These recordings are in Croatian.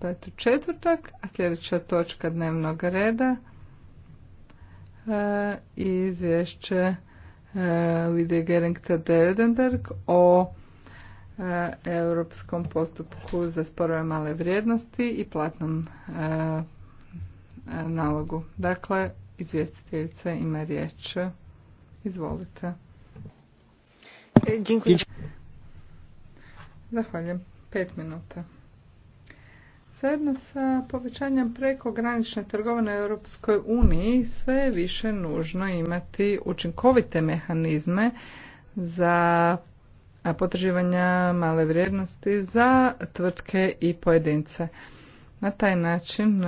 to je tu četvrtak, a sljedeća točka dnevnog reda e, izvješće e, Lidije Geringta o e, europskom postupku za sporove male vrijednosti i platnom e, nalogu. Dakle, izvjestiteljica ima riječ. Izvolite. Zahvaljujem. Pet minuta. Zajedno sa povećanjem prekogranične trgovine u Europskoj uniji sve je više nužno imati učinkovite mehanizme za potraživanja male vrijednosti za tvrtke i pojedince. Na taj način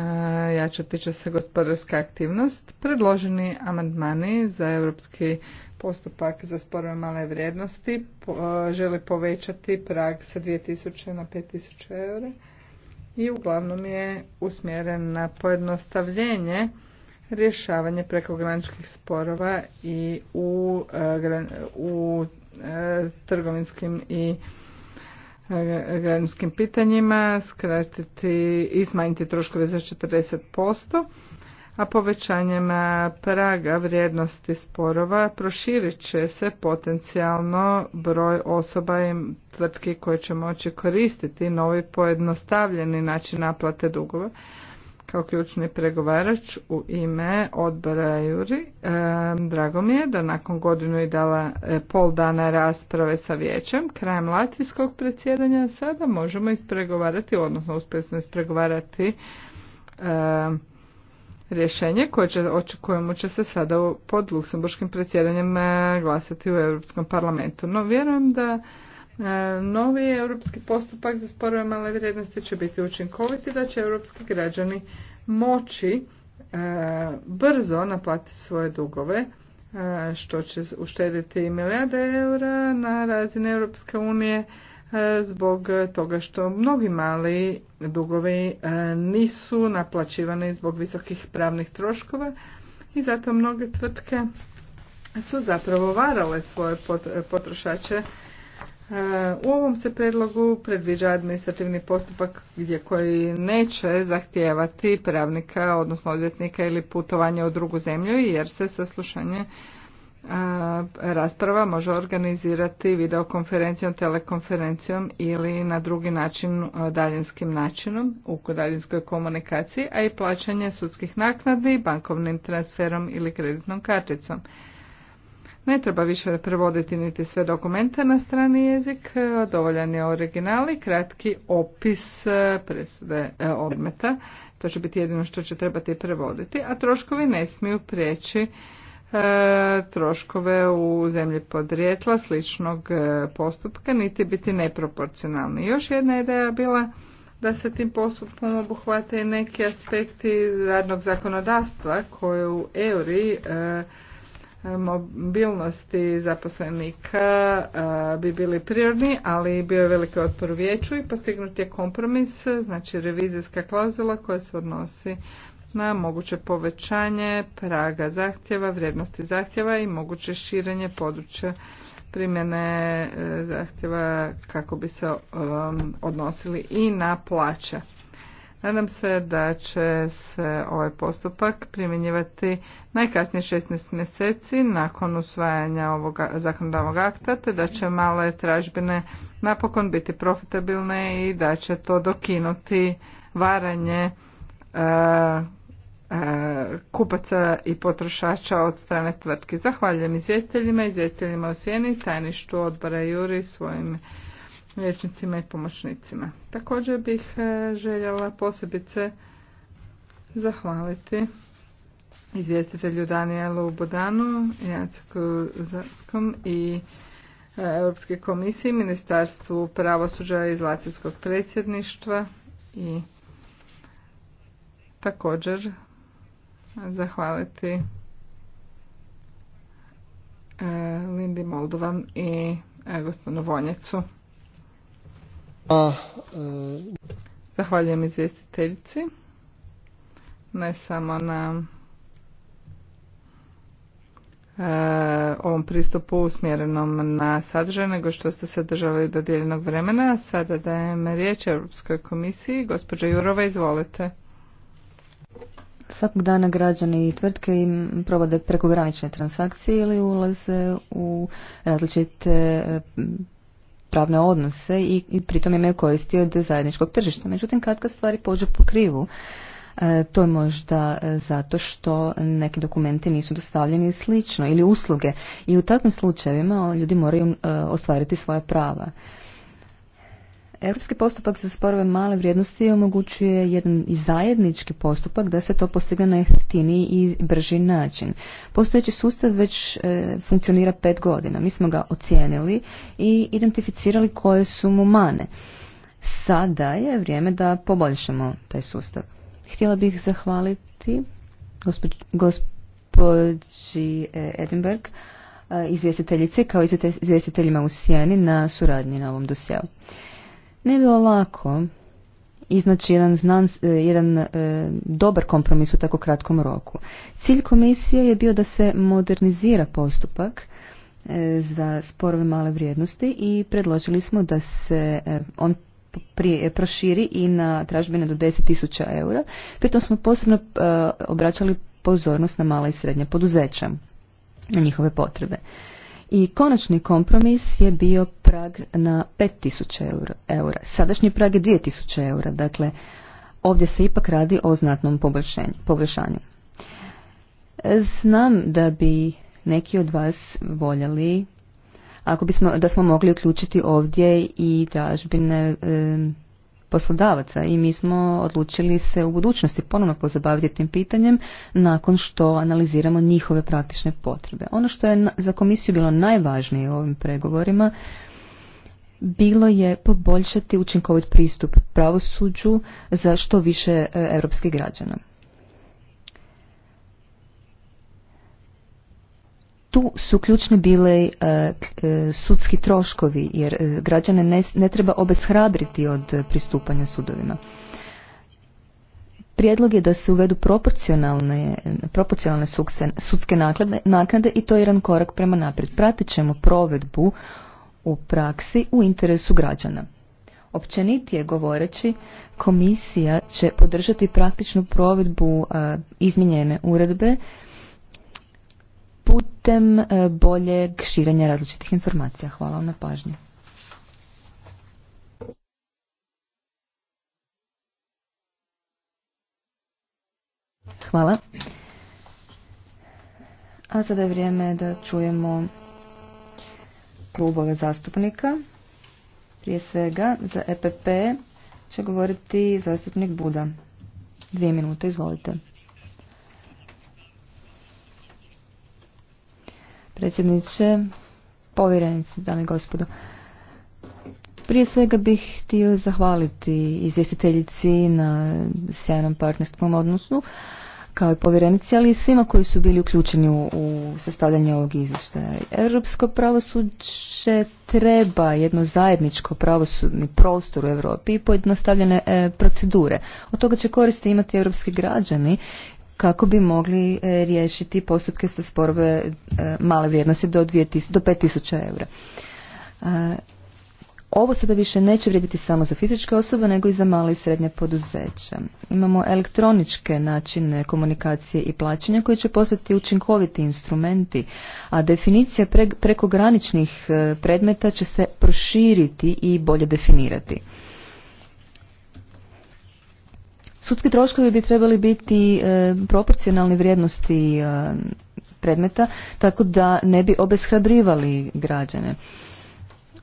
jačati će se gospodarska aktivnost. Predloženi amandmani za europski postupak za sporove male vrijednosti žele povećati prag sa 2000 na 5000 eura i uglavnom je usmjeren na pojednostavljenje rješavanje prekograničkih sporova i u, e, u e, trgovinskim i e, građanskim pitanjima skratiti i smanjiti troškove za 40% a povećanjem praga vrijednosti sporova proširit će se potencijalno broj osoba i tvrtki koje će moći koristiti novi pojednostavljeni način naplate dugova. Kao ključni pregovarač u ime odbora Juri, e, drago mi je da nakon godinu i dala e, pol dana rasprave sa vijećem, krajem latvijskog predsjedanja sada možemo ispregovarati, odnosno uspjeli smo ispregovarati e, rješenje koje će, očekujemo će se sada pod luksemburškim predsjedanjem e, glasati u Europskom parlamentu. No vjerujem da e, novi europski postupak za sporove male vrijednosti će biti učinkovit i da će europski građani moći e, brzo naplatiti svoje dugove što će uštediti milijarde eura na razini Europske unije E, zbog toga što mnogi mali dugovi e, nisu naplaćivani zbog visokih pravnih troškova i zato mnoge tvrtke su zapravo varale svoje potrošače. E, u ovom se predlogu predviđa administrativni postupak gdje koji neće zahtijevati pravnika, odnosno odvjetnika ili putovanje u drugu zemlju jer se saslušanje rasprava može organizirati videokonferencijom, telekonferencijom ili na drugi način daljinskim načinom u daljinskoj komunikaciji, a i plaćanje sudskih naknadi bankovnim transferom ili kreditnom karticom. Ne treba više prevoditi niti sve dokumente na strani jezik, dovoljan je original i kratki opis presude odmeta. To će biti jedino što će trebati prevoditi, a troškovi ne smiju prijeći E, troškove u zemlji podrijetla sličnog e, postupka niti biti neproporcionalni. Još jedna ideja bila da se tim postupkom obuhvate neki aspekti radnog zakonodavstva koje u EURI e, mobilnosti zaposlenika bi bili prirodni, ali bio je veliki otpor u vijeću i postignut je kompromis, znači revizijska klauzula koja se odnosi na moguće povećanje praga zahtjeva, vrijednosti zahtjeva i moguće širenje područja primjene e, zahtjeva kako bi se um, odnosili i na plaće. Nadam se da će se ovaj postupak primjenjivati najkasnije 16 mjeseci nakon usvajanja ovog zakonodavnog akta, te da će male tražbine napokon biti profitabilne i da će to dokinuti varanje e, E, kupaca i potrošača od strane tvrtke. Zahvaljujem izvjestiteljima, izvjestiteljima u Sjeni, tajništu odbora Juri, svojim vječnicima i pomoćnicima. Također bih e, željela posebice zahvaliti izvjestitelju Danielu Bodanu, Jacku Zarskom i e, Europske komisije, Ministarstvu pravosuđa iz Latvijskog predsjedništva i također zahvaliti e, Lindi Moldovan i e, gospodinu Vonjecu. E, Zahvaljujem izvjestiteljici ne samo na ovom pristupu usmjerenom na sadržaj, nego što ste se držali do vremena. Sada dajem riječ Europskoj komisiji. gospođa Jurova, izvolite. Svakog dana građani i tvrtke im provode prekogranične transakcije ili ulaze u različite e, pravne odnose i, pritom imaju koristi od zajedničkog tržišta. Međutim, kad kad stvari pođu po krivu, e, to je možda e, zato što neki dokumenti nisu dostavljeni slično ili usluge i u takvim slučajevima ljudi moraju ostvariti svoja prava. Europski postupak za sporove male vrijednosti omogućuje jedan zajednički postupak da se to postigne na jeftiniji i brži način. Postojeći sustav već e, funkcionira pet godina. Mi smo ga ocijenili i identificirali koje su mu mane. Sada je vrijeme da poboljšamo taj sustav. Htjela bih zahvaliti gospođi, e, Edinburgh e, izvjestiteljici kao izvjestiteljima u Sjeni na suradnji na ovom dosjeu. Ne bilo lako iznaći jedan, znan, e, jedan e, dobar kompromis u tako kratkom roku. Cilj komisije je bio da se modernizira postupak e, za sporove male vrijednosti i predložili smo da se on proširi i na tražbine do 10.000 eura. Pritom smo posebno obraćali pozornost na mala i srednja poduzeća, na njihove potrebe i konačni kompromis je bio prag na 5000 eura. Sadašnji prag je 2000 eura, dakle ovdje se ipak radi o znatnom poboljšanju. Znam da bi neki od vas voljeli ako bismo, da smo mogli uključiti ovdje i tražbine poslodavaca i mi smo odlučili se u budućnosti ponovno pozabaviti tim pitanjem nakon što analiziramo njihove praktične potrebe. Ono što je za komisiju bilo najvažnije u ovim pregovorima bilo je poboljšati učinkovit pristup pravosuđu za što više europskih građana. tu su ključni bili e, e, sudski troškovi jer e, građane ne, treba obeshrabriti od pristupanja sudovima prijedlog je da se uvedu proporcionalne, sudske naknade, i to je jedan korak prema naprijed. Pratit ćemo provedbu u praksi u interesu građana. je govoreći, komisija će podržati praktičnu provedbu izmijenjene uredbe putem e, boljeg širenja različitih informacija. Hvala vam na pažnju. Hvala. A sada je vrijeme da čujemo klubove zastupnika. Prije svega za EPP će govoriti zastupnik Buda. Dvije minute, izvolite. predsjedniče, povjerenice, dame i gospodo. Prije svega bih htio zahvaliti izvjestiteljici na sjajnom partnerskom odnosu, kao i povjerenici, ali i svima koji su bili uključeni u, sastavljanje ovog izvještaja. Europsko pravosuđe treba jedno zajedničko pravosudni prostor u Europi i pojednostavljene e, procedure. Od toga će koristi imati europski građani kako bi mogli e, riješiti postupke sa sporove e, male vrijednosti do, do 5000 eura. E, ovo sada više neće vrijediti samo za fizičke osobe, nego i za male i srednje poduzeća. Imamo elektroničke načine komunikacije i plaćanja koji će postati učinkoviti instrumenti, a definicija prekograničnih predmeta će se proširiti i bolje definirati. Sudski troškovi bi trebali biti e, proporcionalni vrijednosti e, predmeta, tako da ne bi obeshrabrivali građane.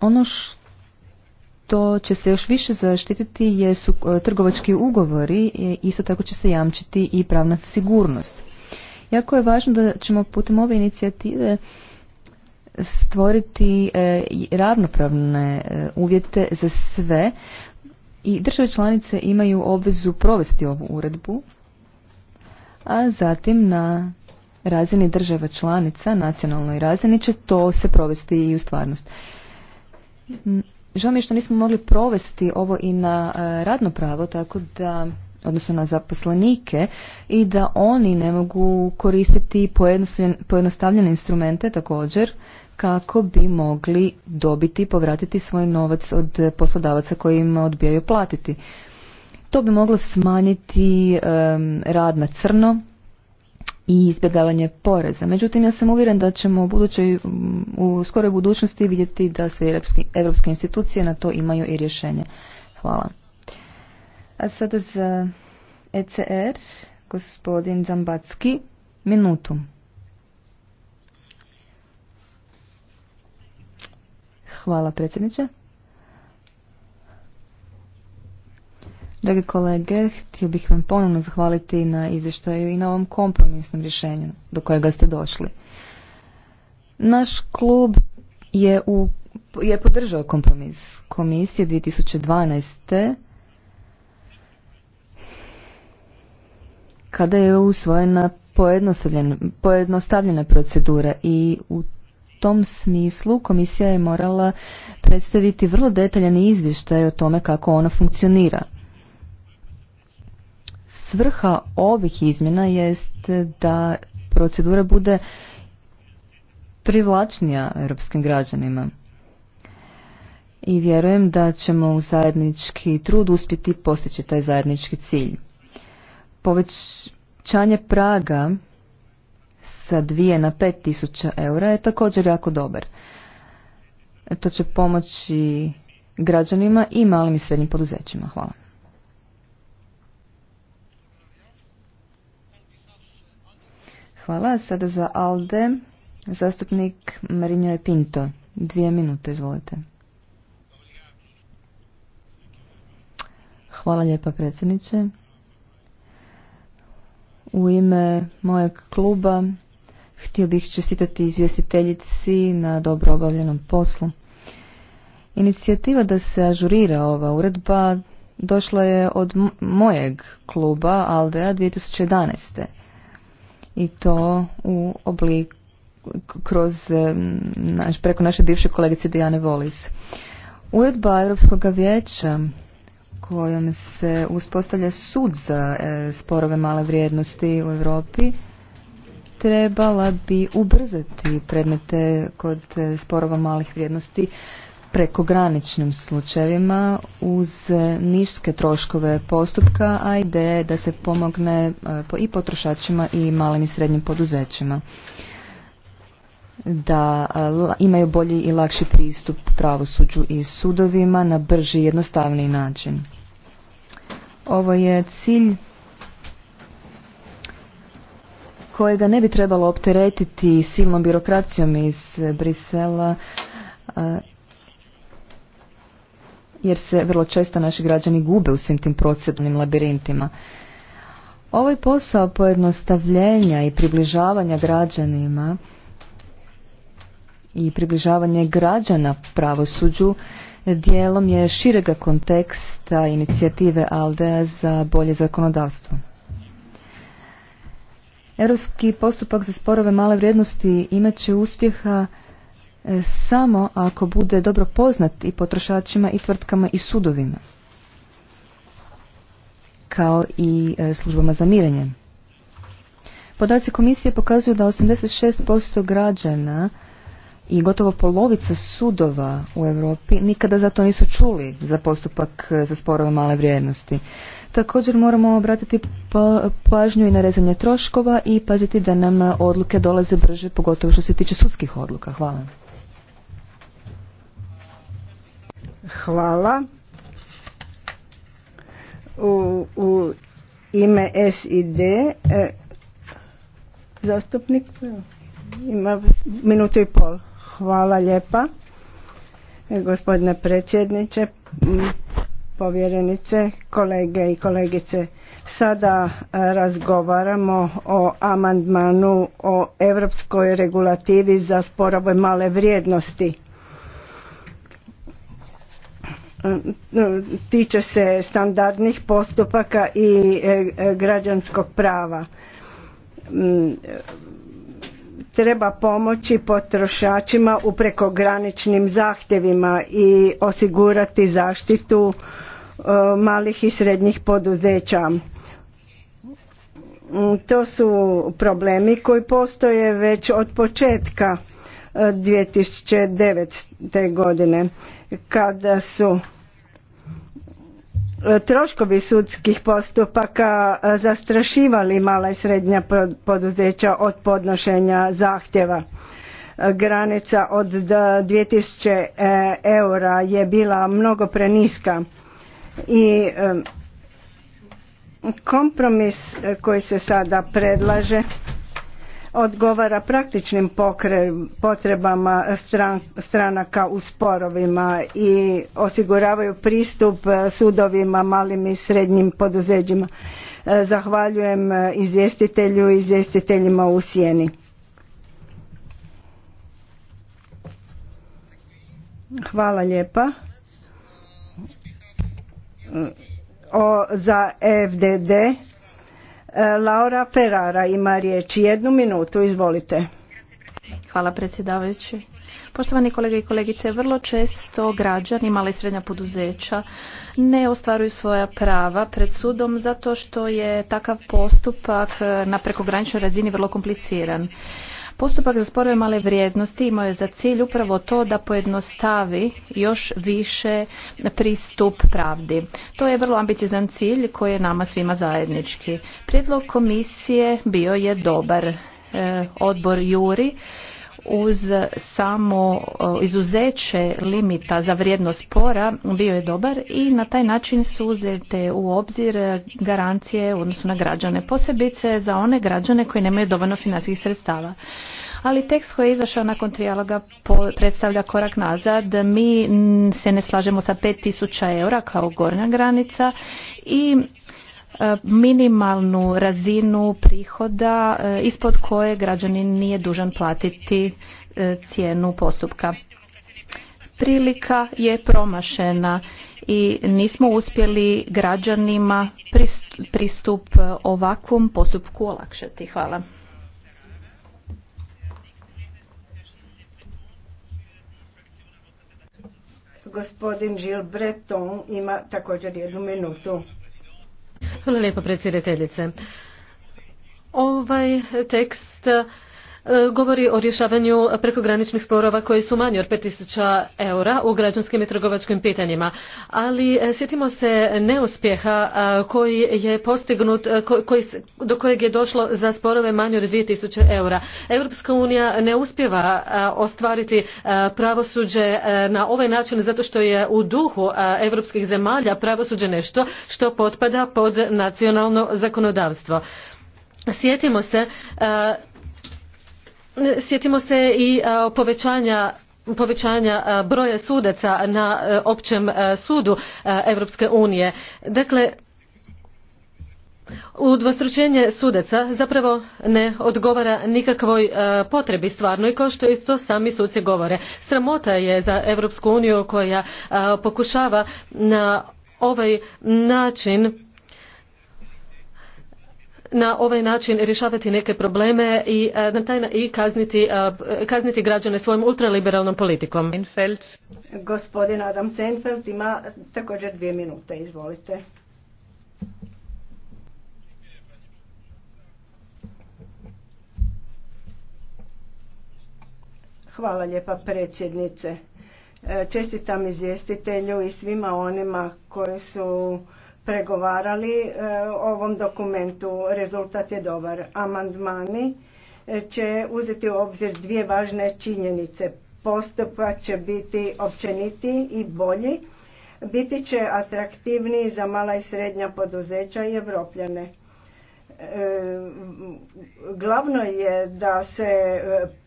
Ono što će se još više zaštititi jesu e, trgovački ugovori, isto tako će se jamčiti i pravna sigurnost. Jako je važno da ćemo putem ove inicijative stvoriti ravnopravne uvjete za sve i države članice imaju obvezu provesti ovu uredbu, a zatim na razini država članica, nacionalnoj razini, će to se provesti i u stvarnost. Mm, žao mi je što nismo mogli provesti ovo i na e, radno pravo, tako da odnosno na zaposlenike i da oni ne mogu koristiti pojednostavljene instrumente također kako bi mogli dobiti i povratiti svoj novac od poslodavaca koji im odbijaju platiti. To bi moglo smanjiti rad na crno i izbjegavanje poreza. Međutim, ja sam uvjeren da ćemo u, budućoj, u skoroj budućnosti vidjeti da sve evropske institucije na to imaju i rješenje. Hvala. A sada za ECR, gospodin Zambacki, minutu. Hvala predsjedniče. Dragi kolege, htio bih vam ponovno zahvaliti na izvještaju i na ovom kompromisnom rješenju do kojega ste došli. Naš klub je, u, je podržao kompromis komisije 2012. kada je usvojena pojednostavljena procedura i u tom smislu komisija je morala predstaviti vrlo detaljan izvještaj o tome kako ona funkcionira. Svrha ovih izmjena jest da procedura bude privlačnija europskim građanima. I vjerujem da ćemo u zajednički trud uspjeti postići taj zajednički cilj. Povećanje praga sa dvije na pet tisuća eura je također jako dobar. E, to će pomoći građanima i malim i srednjim poduzećima. Hvala. Hvala. Sada za Alde, zastupnik Marinjo Pinto. Dvije minute, izvolite. Hvala lijepa predsjedniče. U ime mojeg kluba Htio bih čestitati izvjestiteljici na dobro obavljenom poslu. Inicijativa da se ažurira ova uredba došla je od mojeg kluba Aldea 2011. I to u obliku kroz, naš, preko naše bivše kolegice Dijane Volis. Uredba Europskog vijeća kojom se uspostavlja sud za e, sporove male vrijednosti u Europi trebala bi ubrzati predmete kod e, sporova malih vrijednosti prekograničnim slučajevima uz e, niške troškove postupka, a ideja da se pomogne e, i potrošačima i malim i srednjim poduzećima da imaju bolji i lakši pristup pravosuđu i sudovima na brži i jednostavniji način. Ovo je cilj kojega ne bi trebalo opteretiti silnom birokracijom iz eh, Brisela eh, jer se vrlo često naši građani gube u svim tim procedurnim labirintima. Ovaj posao pojednostavljenja i približavanja građanima i približavanje građana pravosuđu dijelom je širega konteksta inicijative Aldea za bolje zakonodavstvo. Europski postupak za sporove male vrijednosti imat će uspjeha e, samo ako bude dobro poznat i potrošačima i tvrtkama i sudovima kao i e, službama za mirenje. Podaci komisije pokazuju da 86% građana i gotovo polovica sudova u Europi nikada za to nisu čuli za postupak e, za sporove male vrijednosti. Također moramo obratiti pa, pažnju i na rezanje troškova i paziti da nam odluke dolaze brže, pogotovo što se tiče sudskih odluka. Hvala. Hvala. U, u ime SID e, zastupnik ima minutu i pol. Hvala lijepa e, gospodine predsjedniče povjerenice, kolege i kolegice. Sada e, razgovaramo o amandmanu o europskoj regulativi za sporove male vrijednosti. E, tiče se standardnih postupaka i e, građanskog prava. Mm, treba pomoći potrošačima u prekograničnim zahtjevima i osigurati zaštitu E, malih i srednjih poduzeća. Mm, to su problemi koji postoje već od početka 2009. E, godine kada su e, troškovi sudskih postupaka zastrašivali mala i srednja poduzeća od podnošenja zahtjeva. Granica od 2000 eura je bila mnogo preniska i kompromis e, koji se sada predlaže odgovara praktičnim potrebama stranaka u sporovima i osiguravaju pristup e, sudovima malim i srednjim poduzeđima. E, zahvaljujem izvjestitelju i izvjestiteljima u sjeni. Hvala lijepa o, za FDD. E, Laura Ferrara ima riječ. Jednu minutu, izvolite. Hvala predsjedavajući. Poštovani kolege i kolegice, vrlo često građani, mala i srednja poduzeća ne ostvaruju svoja prava pred sudom zato što je takav postupak na prekograničnoj razini vrlo kompliciran. Postupak za sporove male vrijednosti imao je za cilj upravo to da pojednostavi još više pristup pravdi. To je vrlo ambiciozan cilj koji je nama svima zajednički. Prijedlog komisije bio je dobar. E, odbor Juri uz samo e, izuzeće limita za vrijednost spora bio je dobar i na taj način su uzete u obzir garancije u odnosu na građane, posebice za one građane koji nemaju dovoljno financijskih sredstava ali tekst koji je izašao nakon trijaloga predstavlja korak nazad. Mi se ne slažemo sa 5000 eura kao gornja granica i E, minimalnu razinu prihoda e, ispod koje građanin nije dužan platiti e, cijenu postupka. Prilika je promašena i nismo uspjeli građanima pristup ovakvom postupku olakšati. Hvala. Gospodin Gilles Breton ima također jednu minutu. Hvala lijepo predsjedateljice. Ovaj tekst E, govori o rješavanju prekograničnih sporova koji su manji od 5000 eura u građanskim i trgovačkim pitanjima. Ali e, sjetimo se neuspjeha e, koji je postignut, koji, do kojeg je došlo za sporove manje od 2000 eura. Europska unija ne uspjeva ostvariti pravosuđe na ovaj način zato što je u duhu europskih zemalja pravosuđe nešto što potpada pod nacionalno zakonodavstvo. Sjetimo se sjetimo se i e, povećanja povećanja e, broja sudaca na e, općem sudu Europske unije. Dakle, udvostručenje sudaca zapravo ne odgovara nikakvoj potrebi stvarnoj kao što isto sami suci govore. Sramota je za Europsku uniju koja pokušava na ovaj način na ovaj način rješavati neke probleme i, e, na taj, i kazniti, e, kazniti građane svojom ultraliberalnom politikom. Seinfeld. Gospodin Adam Senfeld ima također dvije minute, izvolite. Hvala lijepa predsjednice. E, čestitam izvjestitelju i svima onima koji su pregovarali e, ovom dokumentu. Rezultat je dobar. Amandmani e, će uzeti u obzir dvije važne činjenice. Postupak će biti općenitiji i bolji. Biti će atraktivniji za mala i srednja poduzeća i evropljane. E, glavno je da se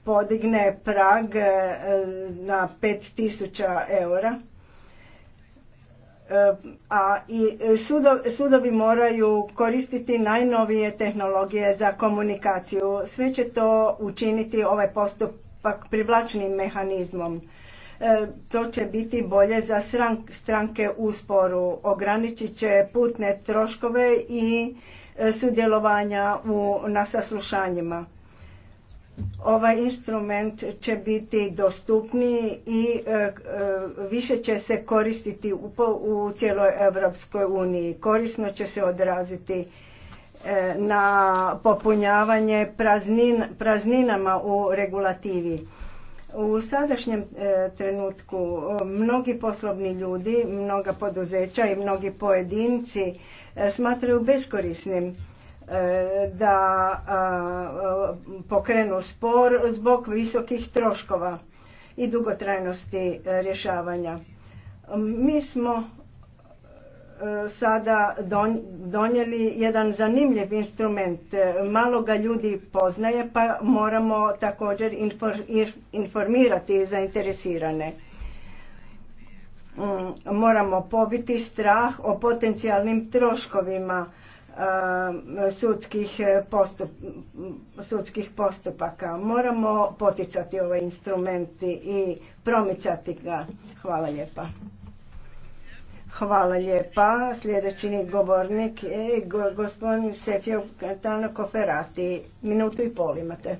podigne prag na 5000 eura a i sudovi moraju koristiti najnovije tehnologije za komunikaciju. Sve će to učiniti ovaj postupak privlačnim mehanizmom. E, to će biti bolje za stranke u sporu. Ograničit će putne troškove i e, sudjelovanja u, na saslušanjima. Ovaj instrument će biti dostupniji i e, e, više će se koristiti u cijeloj Europskoj uniji. Korisno će se odraziti e, na popunjavanje prazninama u regulativi. U sadašnjem trenutku mnogi poslovni ljudi, mnoga poduzeća i mnogi pojedinci smatraju beskorisnim E, da pokrenu spor zbog visokih troškova i dugotrajnosti e, rješavanja. Mi smo e, sada donijeli jedan zanimljiv instrument. Malo ga ljudi poznaje pa moramo također informirati zainteresirane. Mm, moramo pobiti strah o potencijalnim troškovima Eh, eh, sudskih, postupaka. Moramo poticati ove instrumenti i promicati ga. Hvala lijepa. Hvala lijepa. Sljedeći govornik je gospodin Sefio Cantano Koferati. Minutu i pol imate.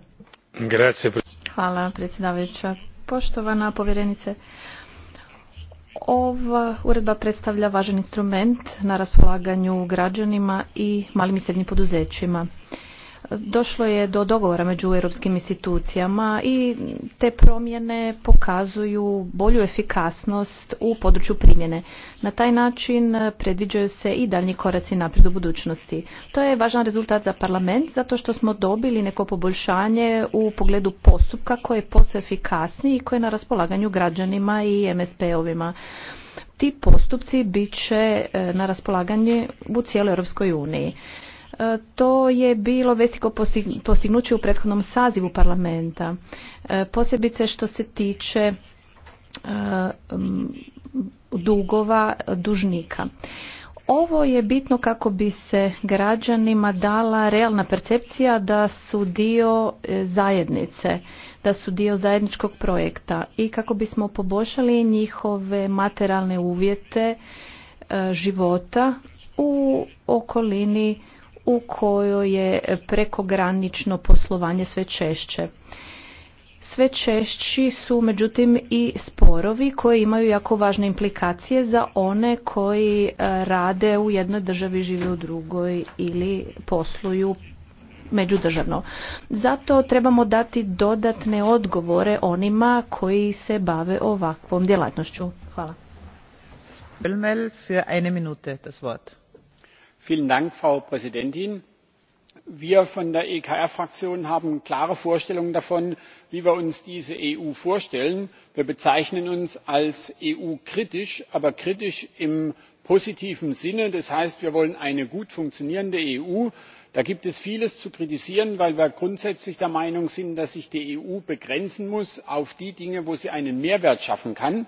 Grazie. Hvala predsjedavajuća. Poštovana povjerenice, ova uredba predstavlja važan instrument na raspolaganju građanima i malim i srednjim poduzećima došlo je do dogovora među europskim institucijama i te promjene pokazuju bolju efikasnost u području primjene. Na taj način predviđaju se i daljnji koraci naprijed u budućnosti. To je važan rezultat za parlament zato što smo dobili neko poboljšanje u pogledu postupka koje je posve efikasniji i koje je na raspolaganju građanima i MSP-ovima ti postupci bit će e, na raspolaganju u cijeloj Europskoj uniji. E, to je bilo veliko postignuće u prethodnom sazivu parlamenta. E, posebice što se tiče e, dugova dužnika. Ovo je bitno kako bi se građanima dala realna percepcija da su dio zajednice, da su dio zajedničkog projekta i kako bismo poboljšali njihove materialne uvjete života u okolini u kojoj je prekogranično poslovanje sve češće. Sve češći su međutim i sporovi koji imaju jako važne implikacije za one koji e, rade u jednoj državi, žive u drugoj ili posluju međudržavno. Zato trebamo dati dodatne odgovore onima koji se bave ovakvom djelatnošću. Hvala. Für eine Minute das Wort frau präsidentin! wir von der ekr fraktion haben klare vorstellungen davon wie wir uns diese eu vorstellen. wir bezeichnen uns als eu kritisch aber kritisch im positiven sinne das heißt wir wollen eine gut funktionierende eu. da gibt es vieles zu kritisieren weil wir grundsätzlich der meinung sind dass sich die eu begrenzen muss auf die dinge wo sie einen mehrwert schaffen kann.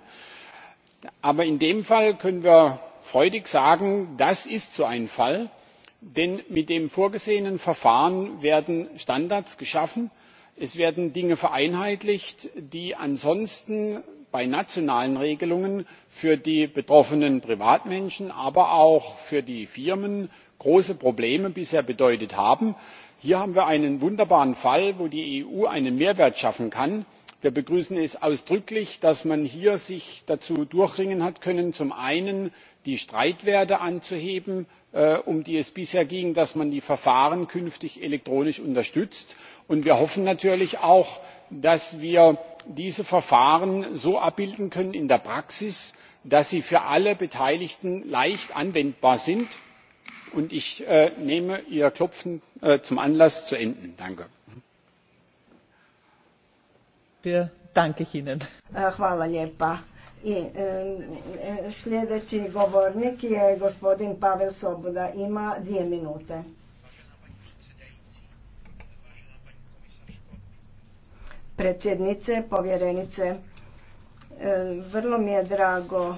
aber in dem fall können wir freudig sagen das ist so ein fall denn mit dem vorgesehenen verfahren werden standards geschaffen es werden dinge vereinheitlicht die ansonsten bei nationalen regelungen für die betroffenen privatmenschen aber auch für die firmen große probleme bisher bedeutet haben. hier haben wir einen wunderbaren fall wo die eu einen mehrwert schaffen kann wir begrüßen es ausdrücklich dass man sich hier dazu durchringen hat können zum einen die streitwerte anzuheben äh, um die es bisher ging dass man die verfahren künftig elektronisch unterstützt und wir hoffen natürlich auch dass wir diese verfahren so abbilden können in der praxis dass sie für alle beteiligten leicht anwendbar sind und ich äh, nehme ihr klopfen äh, zum anlass zu enden. danke! danke e, Hvala lijepa. I e, e, sljedeći govornik je gospodin Pavel Soboda. Ima dvije minute. Predsjednice, povjerenice, vrlo mi je drago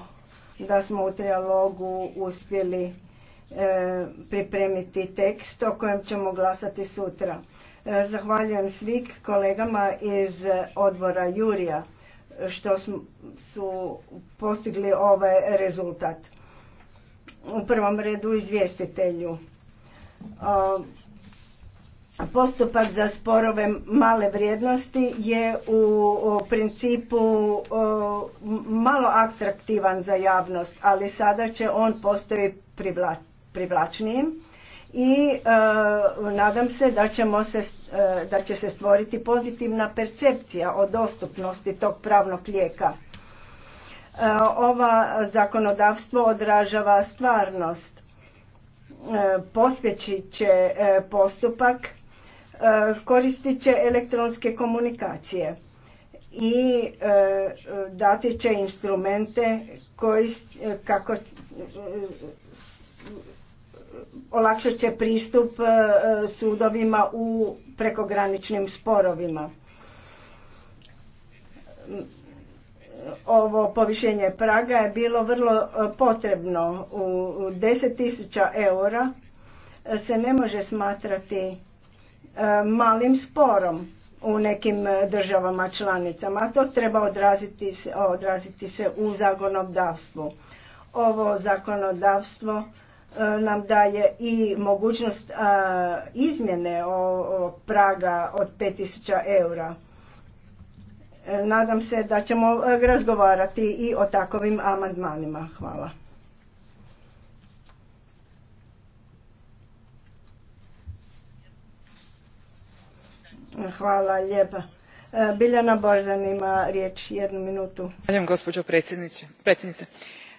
da smo u trialogu uspjeli pripremiti tekst o kojem ćemo glasati sutra. Zahvaljujem svih kolegama iz odbora Jurija što su postigli ovaj rezultat. U prvom redu izvjestitelju. Postupak za sporove male vrijednosti je u principu malo atraktivan za javnost, ali sada će on postoji privlačnijim i e, nadam se da ćemo se E, da će se stvoriti pozitivna percepcija o dostupnosti tog pravnog lijeka. E, ova zakonodavstvo odražava stvarnost. E, Pospjeći će postupak, koristit će elektronske komunikacije i dati će instrumente koji kako olakšat će pristup e, sudovima u prekograničnim sporovima. Ovo povišenje praga je bilo vrlo e, potrebno. U 10.000 eura e, se ne može smatrati malim sporom u nekim državama članicama, a to treba odraziti se, odraziti se u zakonodavstvu. Ovo zakonodavstvo E, nam daje i mogućnost e, izmjene praga od 5000 eura. E, nadam se da ćemo razgovarati i o takovim amandmanima. Hvala. Hvala lijepa. Biljana Borzan ima riječ jednu minutu. Hvala gospođo predsjednice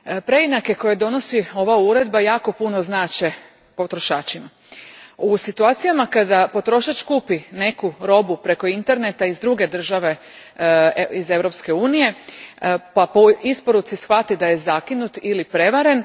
E, preinake koje donosi ova uredba jako puno znače potrošačima. u situacijama kada potrošač kupi neku robu preko interneta iz druge drave e, e, iz europske unije pa po isporuci shvati da je zakinut ili prevaren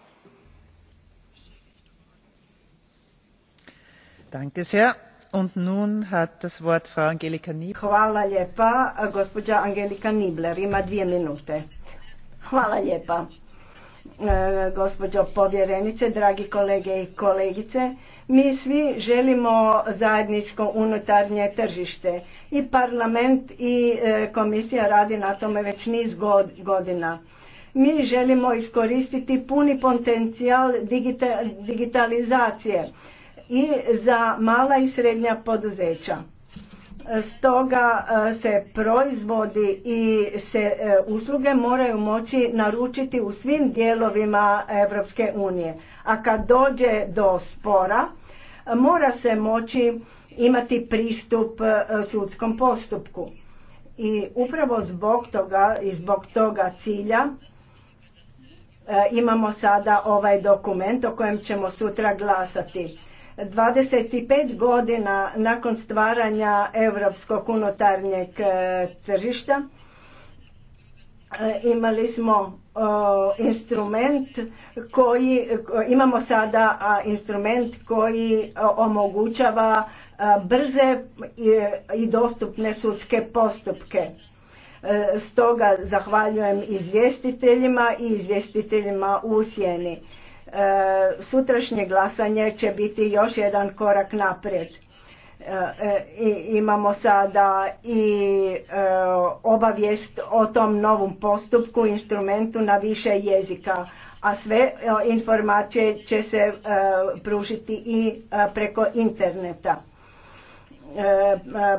Hvala lijepa. Gospođa Angelika Nibler ima dvije minute. Hvala lijepa. E, gospođo povjerenice, dragi kolege i kolegice, mi svi želimo zajedničko unutarnje tržište i parlament i e, komisija radi na tome već niz godina. Mi želimo iskoristiti puni potencijal digitalizacije i za mala i srednja poduzeća. Stoga e, se proizvodi i se e, usluge moraju moći naručiti u svim dijelovima Europske unije. A kad dođe do spora, mora se moći imati pristup e, sudskom postupku. I upravo zbog toga i zbog toga cilja imamo sada ovaj dokument o kojem ćemo sutra glasati 25 godina nakon stvaranja europskog unutarnjeg e, tržišta e, imali smo instrument koji imamo sada instrument koji omogućava brze i dostupne sudske postupke. E, stoga zahvaljujem izvjestiteljima i izvjestiteljima u sjeni. E, sutrašnje glasanje će biti još jedan korak naprijed. E, e, imamo sada i obavijest o tom novom postupku, instrumentu na više jezika, a sve informacije će se pružiti i preko interneta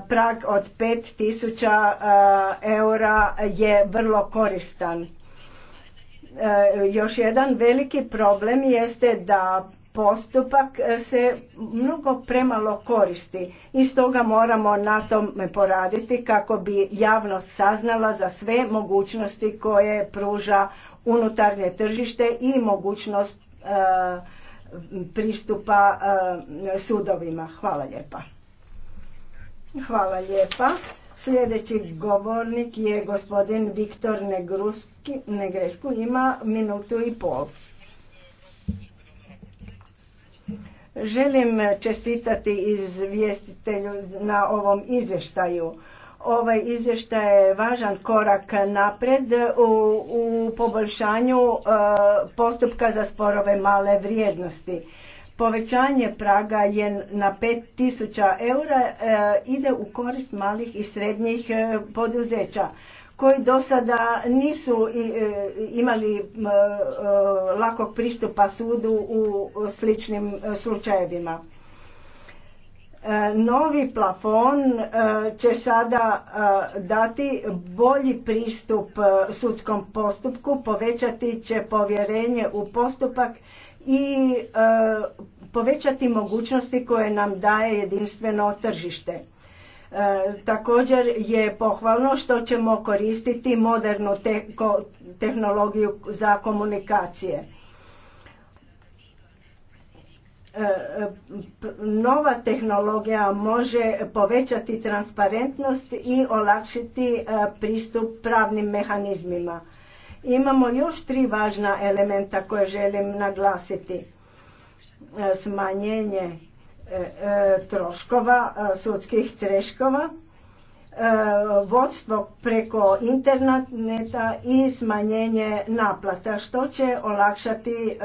prag od 5000 eura je vrlo koristan. Eh, još jedan veliki problem jeste da postupak eh, se mnogo premalo koristi i stoga moramo na tom poraditi kako bi javnost saznala za sve mogućnosti koje pruža unutarnje tržište i mogućnost eh, pristupa sudovima. Hvala lijepa. Hvala lijepa. Sljedeći govornik je gospodin Viktor Negruski, Negresku, ima minutu i pol. Želim čestitati izvjestitelju na ovom izvještaju. Ovaj izvještaj je važan korak napred u, u poboljšanju e, postupka za sporove male vrijednosti Povećanje praga je na 5000 eura e, ide u korist malih i srednjih e, poduzeća koji do sada nisu e, imali lakog pristupa sudu u sličnim slučajevima. Novi plafon će sada dati bolji pristup sudskom postupku, povećati će povjerenje u postupak i e, povećati mogućnosti koje nam daje jedinstveno tržište. E, također je pohvalno što ćemo koristiti modernu tehnologiju za komunikacije. E, nova tehnologija može povećati transparentnost i olakšiti pristup pravnim mehanizmima Imamo još tri važna elementa koje želim naglasiti. E, smanjenje e, e, troškova, sudskih treškova, vodstvo preko interneta i smanjenje naplata, što će olakšati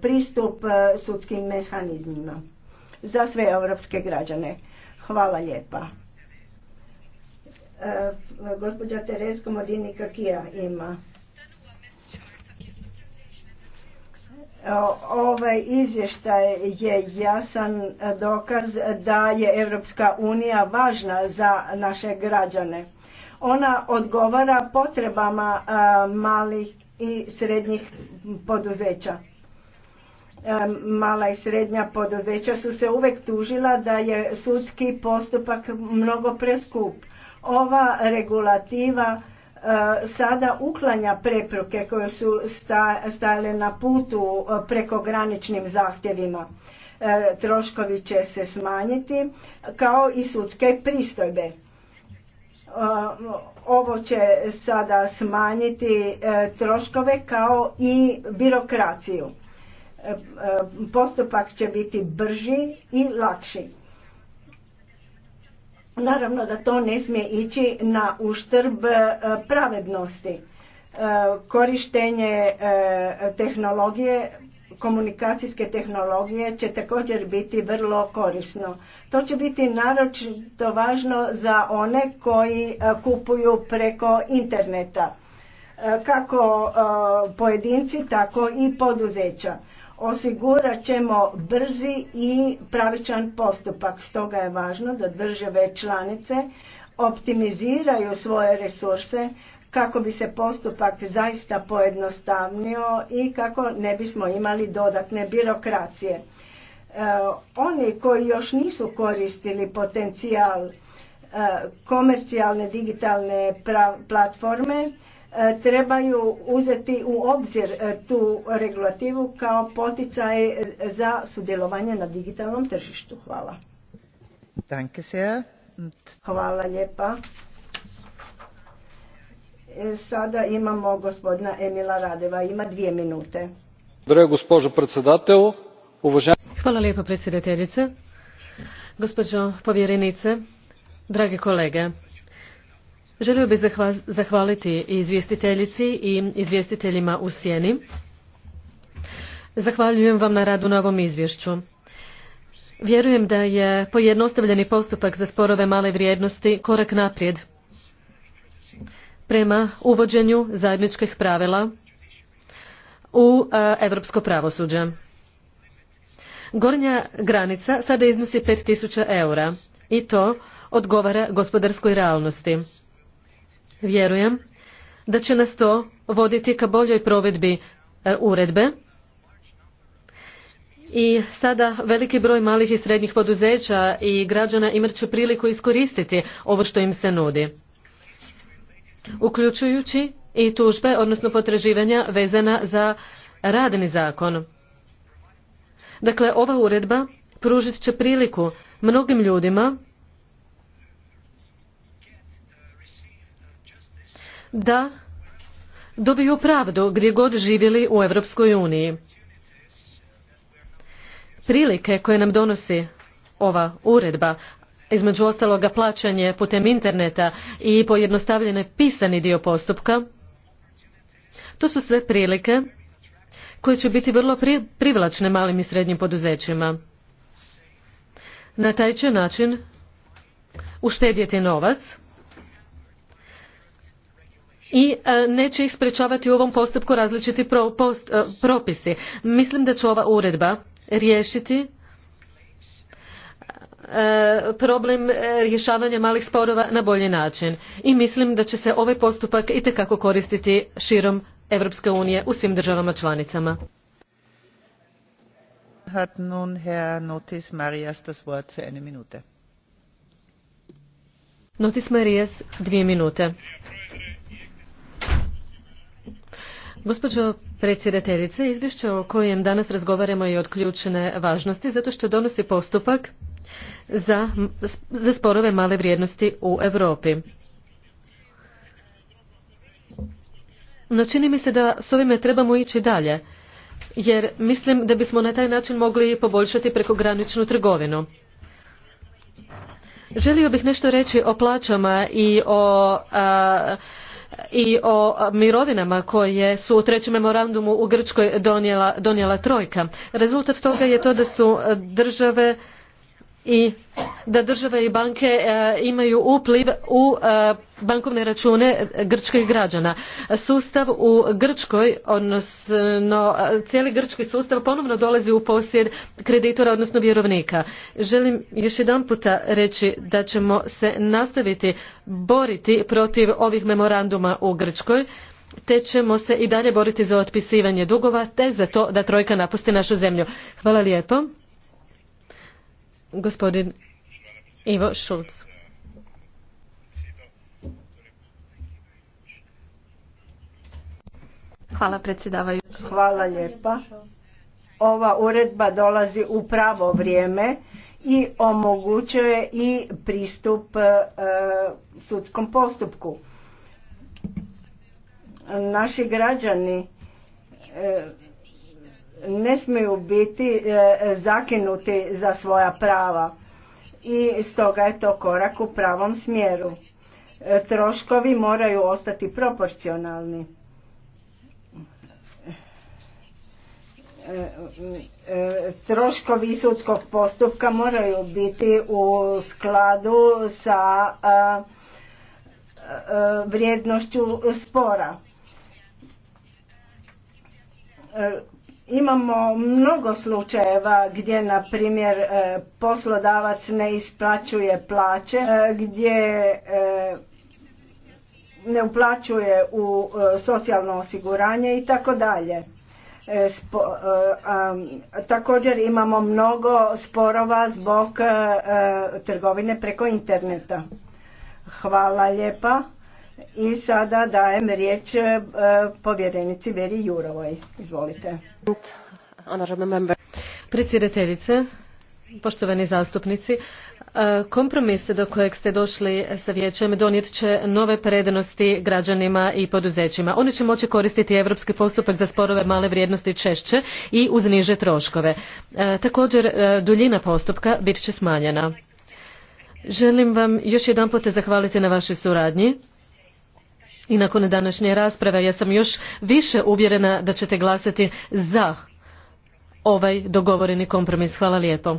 pristup sudskim mehanizmima za sve europske građane. Hvala lijepa. E, gospođa teres Komodini Kakija ima. Ovaj izvještaj je jasan dokaz da je Europska unija važna za naše građane. Ona odgovara potrebama e, malih i srednjih poduzeća. E, mala i srednja poduzeća su se uvek tužila da je sudski postupak mnogo preskup ova regulativa e, sada uklanja prepreke koje su stajale na putu e, prekograničnim zahtjevima. E, troškovi će se smanjiti kao i sudske pristojbe. Ovo će sada smanjiti troškove kao i birokraciju. Postupak će biti brži i lakši Naravno da to ne smije ići na uštrb e, pravednosti. E, korištenje e, tehnologije, komunikacijske tehnologije će također biti vrlo korisno. To će biti naročito važno za one koji kupuju preko interneta, kako pojedinci, tako i poduzeća Osigurat ćemo brzi i pravičan postupak, stoga je važno da države članice optimiziraju svoje resurse kako bi se postupak zaista pojednostavnio i kako ne bismo imali dodatne birokracije. E, oni koji još nisu koristili potencijal e, komercijalne digitalne platforme E, trebaju uzeti u obzir e, tu regulativu kao poticaj e, za sudjelovanje na digitalnom tržištu. Hvala. Hvala lijepa. Sada imamo gospodina Emila Radeva. Ima dvije minute. Hvala lijepa predsjedateljice. Gospođo povjerenice, Drage kolege, Želio bih zahvaliti izvjestiteljici i izvjestiteljima u sjeni. Zahvaljujem vam na radu na ovom izvješću. Vjerujem da je pojednostavljeni postupak za sporove male vrijednosti korak naprijed prema uvođenju zajedničkih pravila u europsko pravosuđe. Gornja granica sada iznosi 5000 eura i to odgovara gospodarskoj realnosti. Vjerujem da će nas to voditi ka boljoj provedbi e, uredbe i sada veliki broj malih i srednjih poduzeća i građana imat će priliku iskoristiti ovo što im se nudi uključujući i tužbe odnosno potraživanja vezana za radni zakon dakle ova uredba pružit će priliku mnogim ljudima da dobiju pravdu gdje god živjeli u Europskoj uniji. Prilike koje nam donosi ova uredba, između ostaloga plaćanje putem interneta i pojednostavljene pisani dio postupka, to su sve prilike koje će biti vrlo privlačne malim i srednjim poduzećima. Na taj će način uštedjeti novac, i e, neće ih sprečavati u ovom postupku različiti e, propisi. Mislim da će ova uredba riješiti e, problem rješavanja malih sporova na bolji način i mislim da će se ovaj postupak itekako koristiti širom Europske unije u svim državama članicama. Hat nun Notis dvije minute. Gospođo predsjedateljice, izvješće o kojem danas razgovaramo je od ključne važnosti zato što donosi postupak za, sporove male vrijednosti u Europi. No čini mi se da s ovime trebamo ići dalje, jer mislim da bismo na taj način mogli poboljšati prekograničnu trgovinu. Želio bih nešto reći o plaćama i o i o mirovinama koje su u trećem memorandumu u Grčkoj donijela, donijela trojka. Rezultat toga je to da su e, države i da države i banke e, imaju upliv u e, bankovne račune grčkih građana. Sustav u Grčkoj, odnosno e, cijeli grčki sustav ponovno dolazi u posjed kreditora, odnosno vjerovnika. Želim još jedan puta reći da ćemo se nastaviti boriti protiv ovih memoranduma u Grčkoj te ćemo se i dalje boriti za otpisivanje dugova te za to da trojka napusti našu zemlju. Hvala lijepo. Gospodin Ivo Šulc. Hvala predsjedavaju. Hvala lijepa. Ova uredba dolazi u pravo vrijeme i omogućuje i pristup e, sudskom postupku. Naši građani e, ne smiju biti e, zakinuti za svoja prava i stoga je to korak u pravom smjeru. E, troškovi moraju ostati proporcionalni. E, troškovi sudskog postupka moraju biti u skladu sa vrijednošću spora Imamo mnogo slučajeva gdje, na primjer, e, poslodavac ne isplaćuje plaće, e, gdje e, ne uplaćuje u socijalno osiguranje i tako dalje. Također imamo mnogo sporova zbog trgovine preko interneta. Hvala lijepa. I sada dajem riječ e, povjerenici Veri Jurovoj. Izvolite. Predsjedateljice, poštovani zastupnici, e, kompromis do kojeg ste došli sa vijećem donijet će nove prednosti građanima i poduzećima. Oni će moći koristiti europski postupak za sporove male vrijednosti češće i uz niže troškove. E, također, duljina postupka bit će smanjena. Želim vam još pote zahvaliti na vašoj suradnji i nakon današnje rasprave ja sam još više uvjerena da ćete glasati za ovaj dogovoreni kompromis. Hvala lijepo.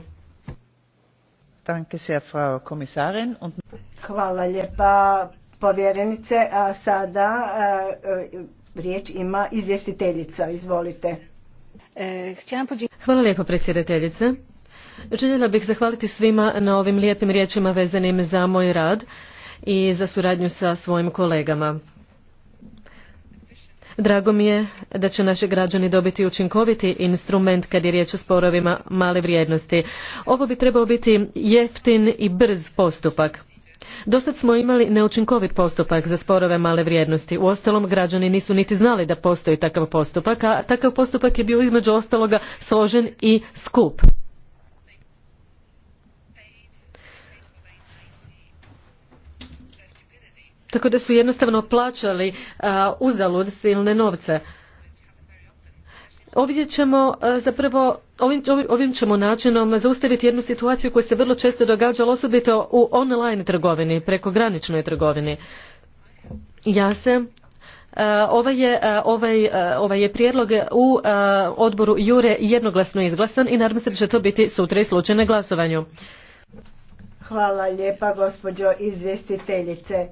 Hvala lijepa povjerenice. A sada e, e, riječ ima izvjestiteljica. Izvolite. E, Hvala lijepo predsjedateljice. Željela bih zahvaliti svima na ovim lijepim riječima vezanim za moj rad i za suradnju sa svojim kolegama. Drago mi je da će naši građani dobiti učinkoviti instrument kad je riječ o sporovima male vrijednosti. Ovo bi trebao biti jeftin i brz postupak. Dosad smo imali neučinkovit postupak za sporove male vrijednosti. Uostalom, građani nisu niti znali da postoji takav postupak, a takav postupak je bio između ostaloga složen i skup. tako da su jednostavno plaćali uzalud silne novce. Ovdje ćemo zapravo ovim, ovim ćemo načinom zaustaviti jednu situaciju koja se vrlo često događala osobito u online trgovini, prekograničnoj trgovini. Ja se Ovaj je, ovaj, ovaj je prijedlog u odboru Jure jednoglasno izglasan i nadam se da će to biti sutra i slučaj na glasovanju. Hvala lijepa gospođo izvjestiteljice.